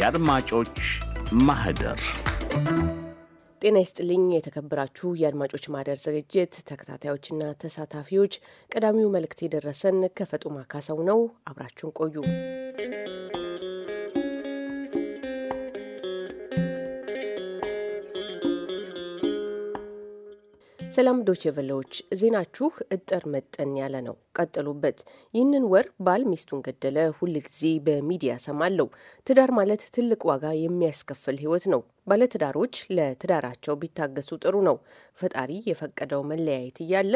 የአድማጮች ማህደር ጤና ይስጥልኝ የተከበራችሁ የአድማጮች ማህደር ዝግጅት ተከታታዮችና ተሳታፊዎች፣ ቀዳሚው መልእክት የደረሰን ከፈጡማ ካሰው ነው። አብራችሁን ቆዩ። ሰላም ዶቼቨሌዎች፣ ዜናችሁ እጥር መጠን ያለ ነው። ቀጥሉበት። ይህንን ወር ባል ሚስቱን ገደለ፣ ጊዜ በሚዲያ ሰማለው። ትዳር ማለት ትልቅ ዋጋ የሚያስከፍል ሕይወት ነው። ባለትዳሮች ለትዳራቸው ቢታገሱ ጥሩ ነው። ፈጣሪ የፈቀደው መለያየት እያለ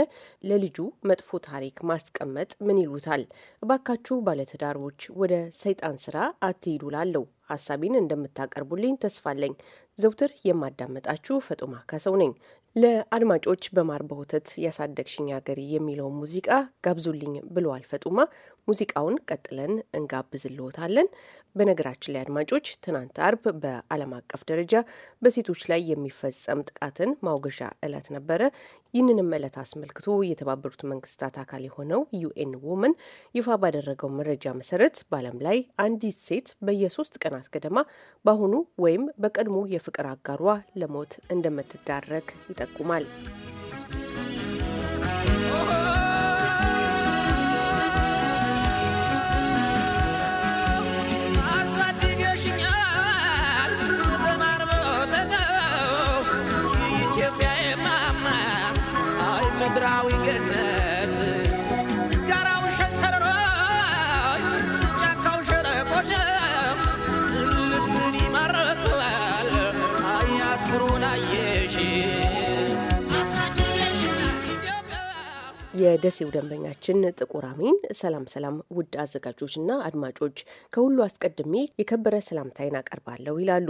ለልጁ መጥፎ ታሪክ ማስቀመጥ ምን ይሉታል? እባካችሁ ባለትዳሮች ወደ ሰይጣን ስራ አትሂዱ ላለው ሀሳቢን እንደምታቀርቡልኝ ተስፋለኝ። ዘውትር የማዳመጣችሁ ፈጡማ ከሰው ነኝ። ለአድማጮች በማር በወተት ያሳደግሽኝ ሀገር የሚለውን ሙዚቃ ጋብዙልኝ ብሎ አልፈጡማ ሙዚቃውን ቀጥለን እንጋብዝልዎታለን። በነገራችን ላይ አድማጮች ትናንት አርብ በዓለም አቀፍ ደረጃ በሴቶች ላይ የሚፈጸም ጥቃትን ማውገሻ እለት ነበረ። ይህንንም መለት አስመልክቶ የተባበሩት መንግስታት አካል የሆነው ዩኤን ውመን ይፋ ባደረገው መረጃ መሰረት በዓለም ላይ አንዲት ሴት በየሶስት ቀናት ገደማ በአሁኑ ወይም በቀድሞ የፍቅር አጋሯ ለሞት እንደምትዳረግ ይጠቁማል። ፍቅሩን አየሽ የደሴው ደንበኛችን ጥቁር አሚን። ሰላም ሰላም፣ ውድ አዘጋጆች ና አድማጮች ከሁሉ አስቀድሜ የከበረ ሰላምታይን አቀርባለሁ ይላሉ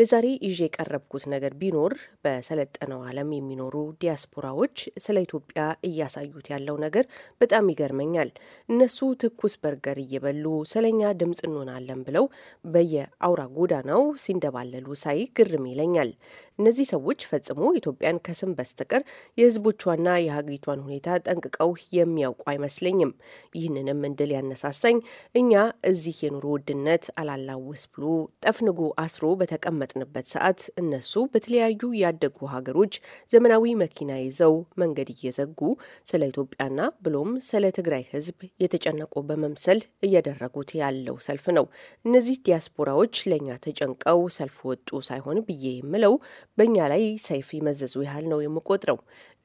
ለዛሬ ይዤ የቀረብኩት ነገር ቢኖር በሰለጠነው ዓለም የሚኖሩ ዲያስፖራዎች ስለ ኢትዮጵያ እያሳዩት ያለው ነገር በጣም ይገርመኛል። እነሱ ትኩስ በርገር እየበሉ ስለኛ ድምፅ እንሆናለን ብለው በየአውራ ጎዳናው ሲንደባለሉ ሳይ ግርም ይለኛል። እነዚህ ሰዎች ፈጽሞ ኢትዮጵያን ከስም በስተቀር የሕዝቦቿና የሀገሪቷን ሁኔታ ጠንቅቀው የሚያውቁ አይመስለኝም። ይህንንም እንድል ያነሳሳኝ እኛ እዚህ የኑሮ ውድነት አላላውስ ብሎ ጠፍንጎ አስሮ በተቀመጠ በተቀመጥንበት ሰዓት እነሱ በተለያዩ ያደጉ ሀገሮች ዘመናዊ መኪና ይዘው መንገድ እየዘጉ ስለ ኢትዮጵያና ብሎም ስለ ትግራይ ሕዝብ የተጨነቁ በመምሰል እያደረጉት ያለው ሰልፍ ነው። እነዚህ ዲያስፖራዎች ለእኛ ተጨንቀው ሰልፍ ወጡ ሳይሆን ብዬ የምለው በእኛ ላይ ሰይፍ ይመዘዙ ያህል ነው የምቆጥረው።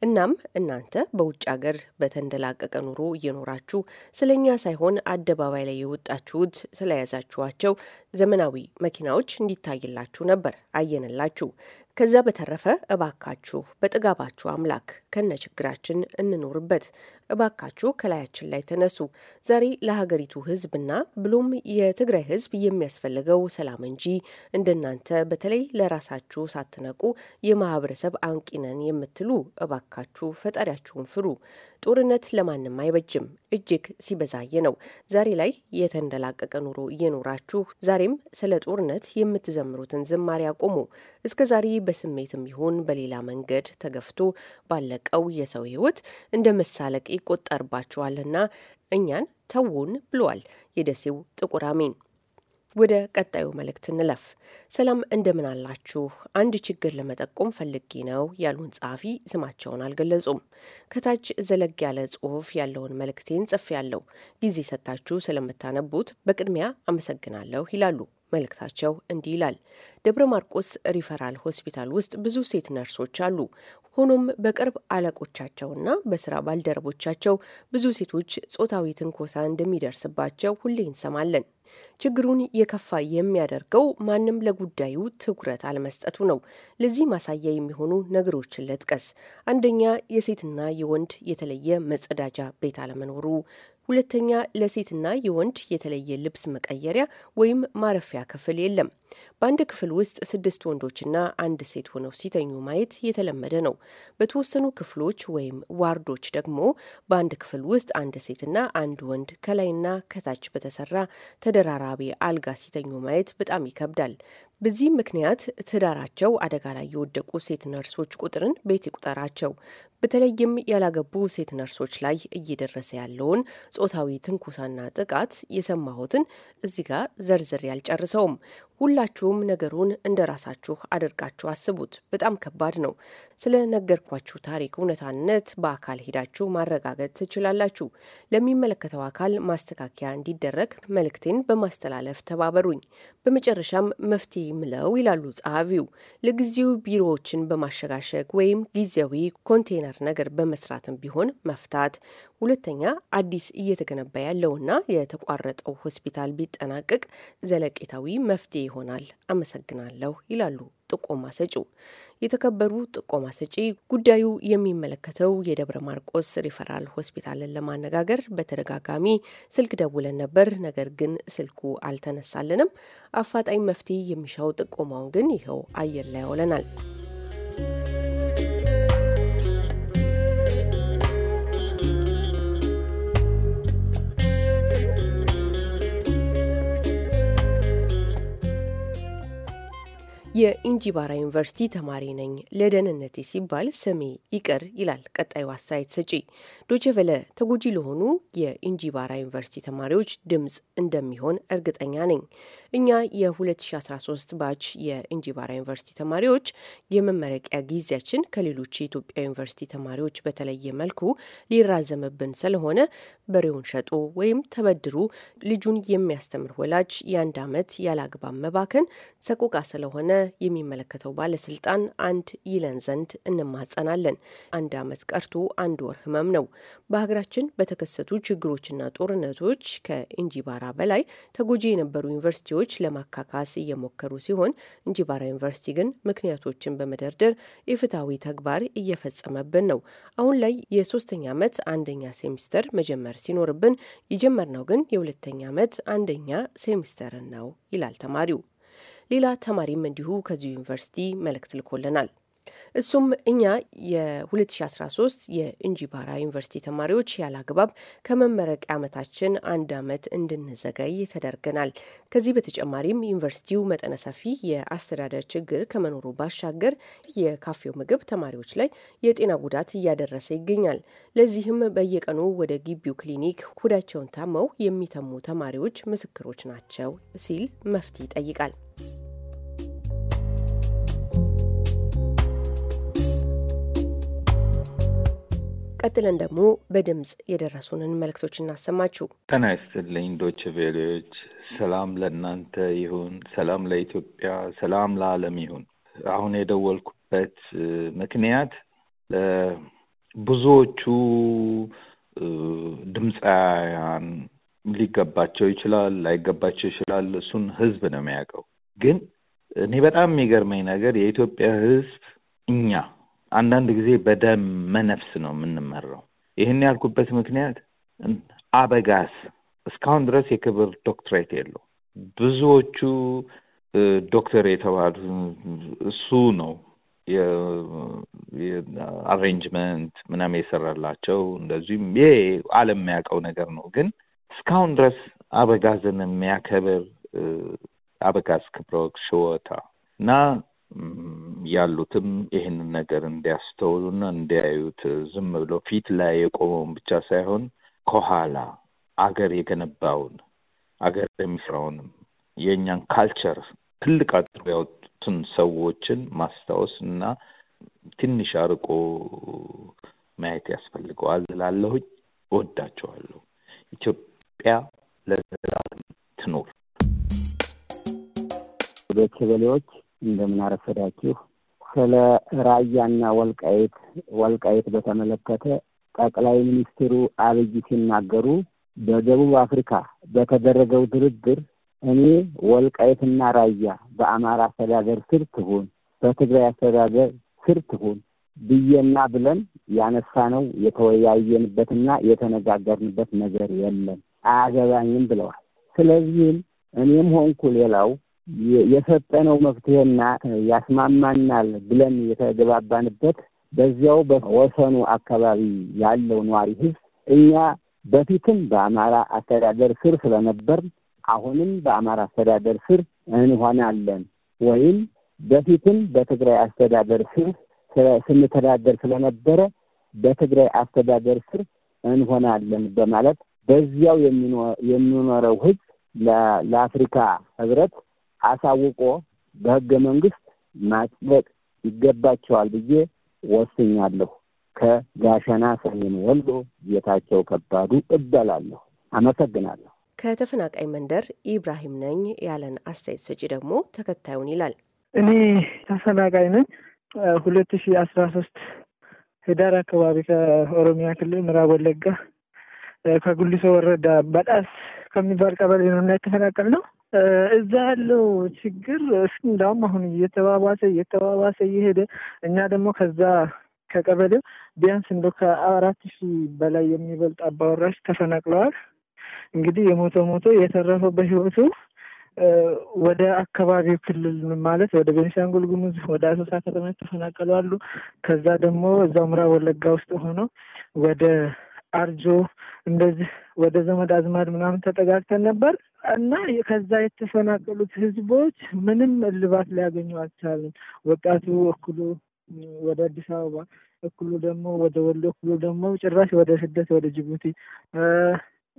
እናም እናንተ በውጭ ሀገር በተንደላቀቀ ኑሮ እየኖራችሁ ስለኛ ሳይሆን አደባባይ ላይ የወጣችሁት ስለያዛችኋቸው ዘመናዊ መኪናዎች እንዲታይላችሁ ነበር አየንላችሁ። ከዛ በተረፈ እባካችሁ በጥጋባችሁ አምላክ ከነ ችግራችን እንኖርበት እባካችሁ ከላያችን ላይ ተነሱ። ዛሬ ለሀገሪቱ ህዝብና ብሎም የትግራይ ህዝብ የሚያስፈልገው ሰላም እንጂ እንደናንተ በተለይ ለራሳችሁ ሳትነቁ የማህበረሰብ አንቂነን የምትሉ እባካችሁ ፈጣሪያችሁን ፍሩ። ጦርነት ለማንም አይበጅም። እጅግ ሲበዛየ ነው። ዛሬ ላይ የተንደላቀቀ ኑሮ እየኖራችሁ ዛሬም ስለ ጦርነት የምትዘምሩትን ዝማሬ አቆሙ። እስከ ዛሬ በስሜትም ይሁን በሌላ መንገድ ተገፍቶ ባለቀው የሰው ህይወት እንደ መሳለቅ ይቆጠርባቸዋልና እኛን ተውን ብሏል። የደሴው ጥቁር አሚን። ወደ ቀጣዩ መልእክት እንለፍ። ሰላም እንደምን አላችሁ? አንድ ችግር ለመጠቆም ፈልጌ ነው ያሉን ጸሐፊ ስማቸውን አልገለጹም። ከታች ዘለግ ያለ ጽሑፍ ያለውን መልእክቴን ጽፍ ያለው ጊዜ ሰጥታችሁ ስለምታነቡት በቅድሚያ አመሰግናለሁ ይላሉ። መልእክታቸው እንዲህ ይላል። ደብረ ማርቆስ ሪፈራል ሆስፒታል ውስጥ ብዙ ሴት ነርሶች አሉ። ሆኖም በቅርብ አለቆቻቸውና በስራ ባልደረቦቻቸው ብዙ ሴቶች ጾታዊ ትንኮሳ እንደሚደርስባቸው ሁሌ እንሰማለን። ችግሩን የከፋ የሚያደርገው ማንም ለጉዳዩ ትኩረት አለመስጠቱ ነው። ለዚህ ማሳያ የሚሆኑ ነገሮችን ለጥቀስ። አንደኛ፣ የሴትና የወንድ የተለየ መጸዳጃ ቤት አለመኖሩ፣ ሁለተኛ ለሴትና የወንድ የተለየ ልብስ መቀየሪያ ወይም ማረፊያ ክፍል የለም። በአንድ ክፍል ውስጥ ስድስት ወንዶችና አንድ ሴት ሆነው ሲተኙ ማየት የተለመደ ነው። በተወሰኑ ክፍሎች ወይም ዋርዶች ደግሞ በአንድ ክፍል ውስጥ አንድ ሴትና አንድ ወንድ ከላይና ከታች በተሰራ ተደራራቢ አልጋ ሲተኙ ማየት በጣም ይከብዳል። በዚህ ምክንያት ትዳራቸው አደጋ ላይ የወደቁ ሴት ነርሶች ቁጥርን ቤት ይቁጠራቸው። በተለይም ያላገቡ ሴት ነርሶች ላይ እየደረሰ ያለውን ጾታዊ ትንኩሳና ጥቃት የሰማሁትን እዚህ ጋር ዘርዝሬ አልጨርሰውም። ሁላችሁም ነገሩን እንደ ራሳችሁ አድርጋችሁ አስቡት። በጣም ከባድ ነው። ስለ ነገርኳችሁ ታሪክ እውነታነት በአካል ሄዳችሁ ማረጋገጥ ትችላላችሁ። ለሚመለከተው አካል ማስተካከያ እንዲደረግ መልእክቴን በማስተላለፍ ተባበሩኝ። በመጨረሻም መፍትሄ ምለው ይላሉ ጸሐፊው። ለጊዜው ቢሮዎችን በማሸጋሸግ ወይም ጊዜያዊ ኮንቴነር ነገር በመስራትም ቢሆን መፍታት ሁለተኛ አዲስ እየተገነባ ያለውና የተቋረጠው ሆስፒታል ቢጠናቀቅ ዘለቄታዊ መፍትሄ ይሆናል። አመሰግናለሁ ይላሉ ጥቆማ ሰጪው። የተከበሩ ጥቆማ ሰጪ፣ ጉዳዩ የሚመለከተው የደብረ ማርቆስ ሪፈራል ሆስፒታልን ለማነጋገር በተደጋጋሚ ስልክ ደውለን ነበር። ነገር ግን ስልኩ አልተነሳልንም። አፋጣኝ መፍትሄ የሚሻው ጥቆማውን ግን ይኸው አየር ላይ ያውለናል። የኢንጂባራ ዩኒቨርሲቲ ተማሪ ነኝ፣ ለደህንነቴ ሲባል ስሜ ይቅር ይላል ቀጣዩ አስተያየት ሰጪ። ዶቼቨለ ተጎጂ ለሆኑ የኢንጂባራ ዩኒቨርሲቲ ተማሪዎች ድምፅ እንደሚሆን እርግጠኛ ነኝ። እኛ የ2013 ባች የኢንጂባራ ዩኒቨርሲቲ ተማሪዎች የመመረቂያ ጊዜያችን ከሌሎች የኢትዮጵያ ዩኒቨርሲቲ ተማሪዎች በተለየ መልኩ ሊራዘምብን ስለሆነ በሬውን ሸጦ ወይም ተበድሩ ልጁን የሚያስተምር ወላጅ የአንድ ዓመት ያለ አግባብ መባከን ሰቆቃ ስለሆነ የሚመለከተው ባለስልጣን አንድ ይለን ዘንድ እንማጸናለን። አንድ አመት ቀርቶ አንድ ወር ህመም ነው። በሀገራችን በተከሰቱ ችግሮችና ጦርነቶች ከእንጂባራ በላይ ተጎጂ የነበሩ ዩኒቨርሲቲዎች ለማካካስ እየሞከሩ ሲሆን እንጂባራ ዩኒቨርሲቲ ግን ምክንያቶችን በመደርደር የፍትሐዊ ተግባር እየፈጸመብን ነው። አሁን ላይ የሶስተኛ ዓመት አንደኛ ሴሚስተር መጀመር ሲኖርብን የጀመርነው ግን የሁለተኛ ዓመት አንደኛ ሴሚስተርን ነው ይላል ተማሪው። ሌላ ተማሪም እንዲሁ ከዚሁ ዩኒቨርሲቲ መልእክት ልኮልናል። እሱም እኛ የ2013 የእንጂባራ ዩኒቨርሲቲ ተማሪዎች ያላግባብ ከመመረቂያ ዓመታችን አንድ ዓመት እንድንዘገይ ተደርገናል። ከዚህ በተጨማሪም ዩኒቨርሲቲው መጠነ ሰፊ የአስተዳደር ችግር ከመኖሩ ባሻገር የካፌው ምግብ ተማሪዎች ላይ የጤና ጉዳት እያደረሰ ይገኛል። ለዚህም በየቀኑ ወደ ግቢው ክሊኒክ ሆዳቸውን ታመው የሚተሙ ተማሪዎች ምስክሮች ናቸው ሲል መፍትሄ ይጠይቃል። ቀጥለን ደግሞ በድምፅ የደረሱንን መልእክቶች እናሰማችሁ። ጤና ይስጥልኝ ዶች ቬሌዎች፣ ሰላም ለእናንተ ይሁን፣ ሰላም ለኢትዮጵያ፣ ሰላም ለዓለም ይሁን። አሁን የደወልኩበት ምክንያት ብዙዎቹ ድምፃውያን ሊገባቸው ይችላል፣ ላይገባቸው ይችላል። እሱን ህዝብ ነው የሚያውቀው። ግን እኔ በጣም የሚገርመኝ ነገር የኢትዮጵያ ህዝብ እኛ አንዳንድ ጊዜ በደም መነፍስ ነው የምንመራው። ይህን ያልኩበት ምክንያት አበጋዝ እስካሁን ድረስ የክብር ዶክትሬት የለው። ብዙዎቹ ዶክተር የተባሉ እሱ ነው አሬንጅመንት ምናምን የሰራላቸው እንደዚሁም ይሄ ዓለም የሚያውቀው ነገር ነው። ግን እስካሁን ድረስ አበጋዝን የሚያከብር አበጋዝ ክብረ ወግ ሽወታ እና ያሉትም ይህንን ነገር እንዲያስተውሉና እንዲያዩት ዝም ብሎ ፊት ላይ የቆመውን ብቻ ሳይሆን ከኋላ አገር የገነባውን አገር የሚሰራውንም የእኛን ካልቸር ትልቅ አድርጎ ያወጡትን ሰዎችን ማስታወስ እና ትንሽ አርቆ ማየት ያስፈልገዋል እላለሁኝ። እወዳቸዋለሁ። ኢትዮጵያ ለዘላለም ትኖር። ቤተሰበሌዎች እንደምን አረፈዳችሁ? ስለ ራያና ወልቃይት ወልቃይት በተመለከተ ጠቅላይ ሚኒስትሩ አብይ ሲናገሩ በደቡብ አፍሪካ በተደረገው ድርድር እኔ ወልቃይትና ራያ በአማራ አስተዳደር ስር ትሁን፣ በትግራይ አስተዳደር ስር ትሁን ብዬና ብለን ያነሳነው የተወያየንበትና የተነጋገርንበት ነገር የለም፣ አያገባኝም ብለዋል። ስለዚህም እኔም ሆንኩ ሌላው የሰጠነው መፍትሄና ያስማማናል ብለን የተገባባንበት በዚያው በወሰኑ አካባቢ ያለው ነዋሪ ህዝብ እኛ በፊትም በአማራ አስተዳደር ስር ስለነበር አሁንም በአማራ አስተዳደር ስር እንሆናለን ወይም በፊትም በትግራይ አስተዳደር ስር ስንተዳደር ስለነበረ በትግራይ አስተዳደር ስር እንሆናለን በማለት በዚያው የሚኖረው ህዝብ ለአፍሪካ ህብረት አሳውቆ በህገ መንግስት ማጽደቅ ይገባቸዋል ብዬ ወስኛለሁ። ከጋሸና ሰሜን ወሎ ጌታቸው ከባዱ እበላለሁ። አመሰግናለሁ። ከተፈናቃይ መንደር ኢብራሂም ነኝ ያለን አስተያየት ሰጪ ደግሞ ተከታዩን ይላል። እኔ ተፈናቃይ ነኝ። ሁለት ሺ አስራ ሶስት ህዳር አካባቢ ከኦሮሚያ ክልል ምዕራብ ወለጋ ከጉሊሶ ወረዳ በጣስ ከሚባል ቀበሌ ነው እና የተፈናቀል ነው እዛ ያለው ችግር እንዳውም አሁን እየተባባሰ እየተባባሰ እየሄደ እኛ ደግሞ ከዛ ከቀበሌው ቢያንስ እንደ ከአራት ሺህ በላይ የሚበልጥ አባወራሽ ተፈናቅለዋል። እንግዲህ የሞተ ሞቶ የተረፈው በህይወቱ ወደ አካባቢው ክልል ማለት ወደ ቤንሻንጉል ጉሙዝ ወደ አሶሳ ከተማ ተፈናቀሉ አሉ። ከዛ ደግሞ እዛው ምዕራብ ወለጋ ውስጥ ሆኖ ወደ አርጆ እንደዚህ ወደ ዘመድ አዝማድ ምናምን ተጠጋግተን ነበር እና ከዛ የተፈናቀሉት ህዝቦች ምንም እልባት ሊያገኙ አልቻለም። ወጣቱ እኩሉ ወደ አዲስ አበባ፣ እኩሉ ደግሞ ወደ ወሎ፣ እኩሉ ደግሞ ጭራሽ ወደ ስደት ወደ ጅቡቲ፣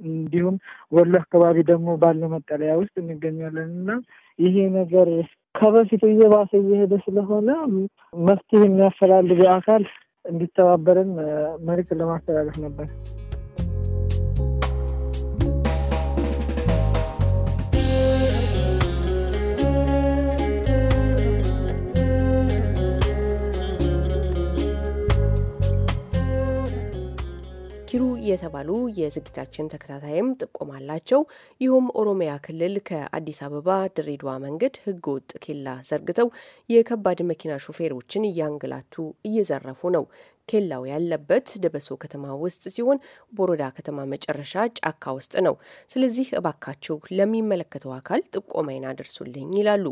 እንዲሁም ወሎ አካባቢ ደግሞ ባለው መጠለያ ውስጥ እንገኛለን እና ይሄ ነገር ከበፊቱ እየባሰ እየሄደ ስለሆነ መፍትሄ የሚያፈላልገ አካል እንዲተባበርን መልዕክት ለማስተላለፍ ነበር። በሽሩ የተባሉ የዝግታችን ተከታታይም ጥቆማላቸው አላቸው። ኦሮሚያ ክልል ከአዲስ አበባ ድሬዳዋ መንገድ ህገ ወጥ ኬላ ዘርግተው የከባድ መኪና ሾፌሮችን እያንገላቱ እየዘረፉ ነው። ኬላው ያለበት ደበሶ ከተማ ውስጥ ሲሆን ቦረዳ ከተማ መጨረሻ ጫካ ውስጥ ነው። ስለዚህ እባካችሁ ለሚመለከተው አካል ጥቆማይን አድርሱልኝ ይላሉ።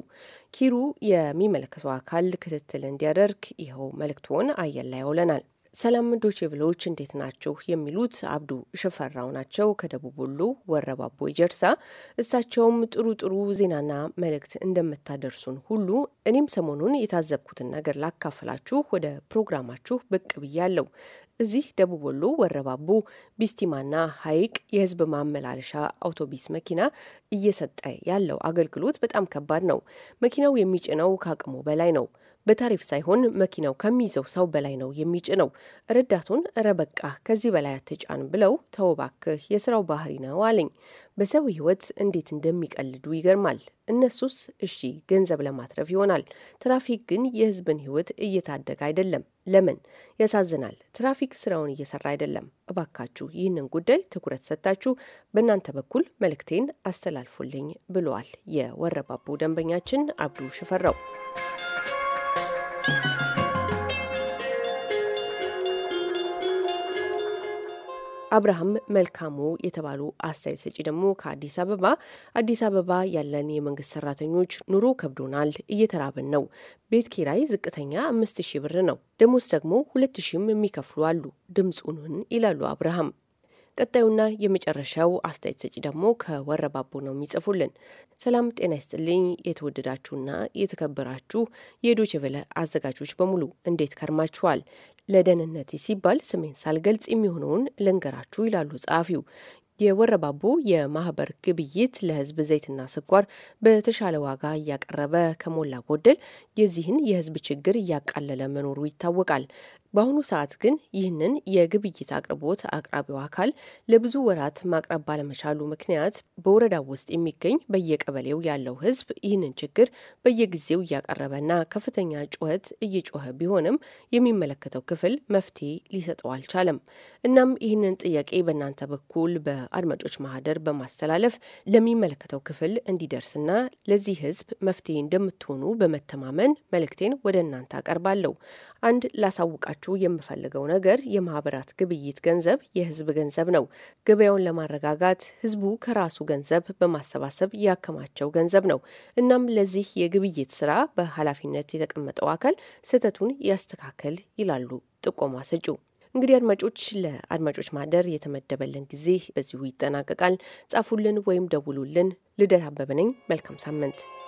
ኪሩ የሚመለከተው አካል ክትትል እንዲያደርግ ይኸው መልእክቶን አየር ላይ ያውለናል። ሰላም ምንዶች ብሎች እንዴት ናችሁ? የሚሉት አብዱ ሽፈራው ናቸው ከደቡብ ወሎ ወረባቦ ጀርሳ። እሳቸውም ጥሩ ጥሩ ዜናና መልእክት እንደምታደርሱን ሁሉ እኔም ሰሞኑን የታዘብኩትን ነገር ላካፈላችሁ ወደ ፕሮግራማችሁ ብቅ ብያለሁ። እዚህ ደቡብ ወሎ ወረባቦ ቢስቲማና ሀይቅ የህዝብ ማመላለሻ አውቶቢስ መኪና እየሰጠ ያለው አገልግሎት በጣም ከባድ ነው። መኪናው የሚጭነው ከአቅሙ በላይ ነው። በታሪፍ ሳይሆን መኪናው ከሚይዘው ሰው በላይ ነው የሚጭነው። ረዳቱን ረበቃ ከዚህ በላይ አትጫን ብለው ተውባክህ የስራው ባህሪ ነው አለኝ። በሰው ህይወት እንዴት እንደሚቀልዱ ይገርማል። እነሱስ እሺ ገንዘብ ለማትረፍ ይሆናል። ትራፊክ ግን የህዝብን ህይወት እየታደገ አይደለም። ለምን? ያሳዝናል። ትራፊክ ስራውን እየሰራ አይደለም። እባካችሁ ይህንን ጉዳይ ትኩረት ሰጥታችሁ በእናንተ በኩል መልእክቴን አስተላልፉልኝ ብለዋል የወረባቡ ደንበኛችን አብዱ ሽፈራው። አብርሃም መልካሙ የተባሉ አስተያየት ሰጪ ደግሞ ከአዲስ አበባ አዲስ አበባ ያለን የመንግስት ሰራተኞች ኑሮ ከብዶናል፣ እየተራብን ነው። ቤት ኪራይ ዝቅተኛ አምስት ሺህ ብር ነው፣ ደሞዝ ደግሞ ሁለት ሺህም የሚከፍሉ አሉ። ድምፁንን ይላሉ አብርሃም ቀጣዩና የመጨረሻው አስተያየት ሰጪ ደግሞ ከወረባቦ ነው የሚጽፉልን። ሰላም ጤና ይስጥልኝ። የተወደዳችሁና የተከበራችሁ የዶቼ ቬለ አዘጋጆች በሙሉ እንዴት ከርማችኋል? ለደህንነት ሲባል ስሜን ሳልገልጽ የሚሆነውን ልንገራችሁ ይላሉ ጸሐፊው። የወረባቦ የማህበር ግብይት ለህዝብ ዘይትና ስኳር በተሻለ ዋጋ እያቀረበ ከሞላ ጎደል የዚህን የህዝብ ችግር እያቃለለ መኖሩ ይታወቃል። በአሁኑ ሰዓት ግን ይህንን የግብይት አቅርቦት አቅራቢው አካል ለብዙ ወራት ማቅረብ ባለመቻሉ ምክንያት በወረዳው ውስጥ የሚገኝ በየቀበሌው ያለው ሕዝብ ይህንን ችግር በየጊዜው እያቀረበና ከፍተኛ ጩኸት እየጮኸ ቢሆንም የሚመለከተው ክፍል መፍትሄ ሊሰጠው አልቻለም። እናም ይህንን ጥያቄ በእናንተ በኩል በአድማጮች ማህደር በማስተላለፍ ለሚመለከተው ክፍል እንዲደርስና ለዚህ ሕዝብ መፍትሄ እንደምትሆኑ በመተማመን መልእክቴን ወደ እናንተ አቀርባለሁ። አንድ ላሳውቃችሁ ልነግራችሁ የምፈልገው ነገር የማህበራት ግብይት ገንዘብ የህዝብ ገንዘብ ነው። ገበያውን ለማረጋጋት ህዝቡ ከራሱ ገንዘብ በማሰባሰብ ያከማቸው ገንዘብ ነው። እናም ለዚህ የግብይት ስራ በኃላፊነት የተቀመጠው አካል ስህተቱን ያስተካከል ይላሉ ጥቆማ ሰጩ። እንግዲህ አድማጮች፣ ለአድማጮች ማህደር የተመደበልን ጊዜ በዚሁ ይጠናቀቃል። ጻፉልን ወይም ደውሉልን። ልደት አበበ ነኝ። መልካም ሳምንት።